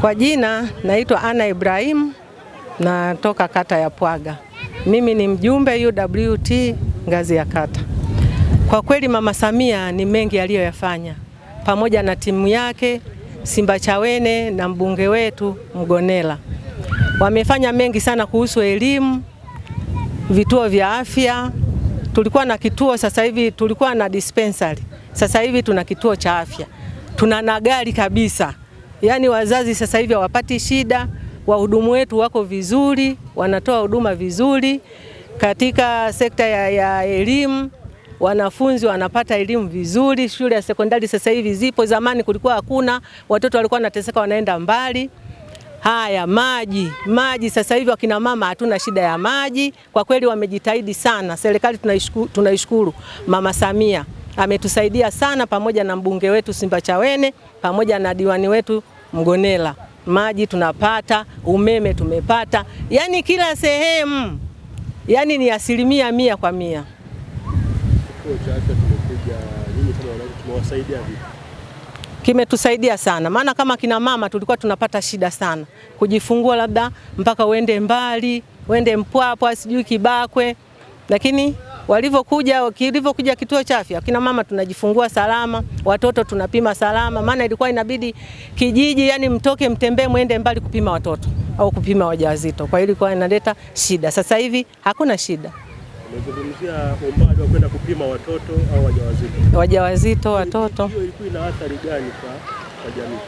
Kwa jina naitwa Ana Ibrahim, natoka kata ya Pwaga. Mimi ni mjumbe UWT ngazi ya kata. Kwa kweli Mama Samia ni mengi aliyoyafanya pamoja na timu yake Simba Chawene na mbunge wetu Mgonela wamefanya mengi sana kuhusu elimu, vituo vya afya. Tulikuwa na kituo sasa hivi, tulikuwa na dispensary, sasa hivi tuna kituo cha afya, tuna na gari kabisa. Yaani wazazi sasa hivi hawapati shida, wahudumu wetu wako vizuri, wanatoa huduma vizuri katika sekta ya, ya elimu wanafunzi wanapata elimu vizuri. Shule ya sekondari sasa hivi zipo, zamani kulikuwa hakuna. Watoto walikuwa wanateseka, wanaenda mbali. Haya, maji maji, sasa hivi wakina mama hatuna shida ya maji. Kwa kweli wamejitahidi sana, serikali tunaishukuru, tunaishukuru Mama Samia ametusaidia sana, pamoja na mbunge wetu simba chawene pamoja na diwani wetu Mgonela. Maji tunapata, umeme tumepata, yani kila sehemu, yani ni asilimia mia kwa mia. Kimetusaidia sana, maana kama kina mama tulikuwa tunapata shida sana kujifungua, labda mpaka uende mbali, uende Mpwapwa, sijui Kibakwe, lakini Walivyokuja kilivyokuja kituo cha afya, kina mama tunajifungua salama, watoto tunapima salama, maana ilikuwa inabidi kijiji, yani mtoke mtembee mwende mbali kupima watoto au kupima wajawazito, kwa hiyo ilikuwa inaleta shida. Sasa hivi hakuna shida. Umezungumzia umbali wa kwenda kupima watoto au wajawazito, wajawazito watoto. ilikuwa ina athari gani kwa jamii?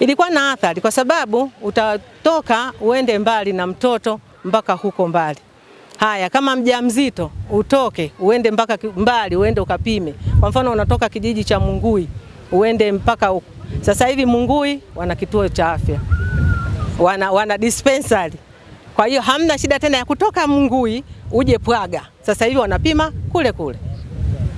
Ilikuwa na athari kwa sababu utatoka uende mbali na mtoto mpaka huko mbali Haya, kama mjamzito utoke uende mpaka mbali, uende ukapime. Kwa mfano unatoka kijiji cha Mungui uende mpaka huko. Sasa hivi Mungui wana kituo cha afya, wana, wana dispensary. Kwa hiyo hamna shida tena ya kutoka Mungui uje Pwaga, sasa hivi wanapima kule kule.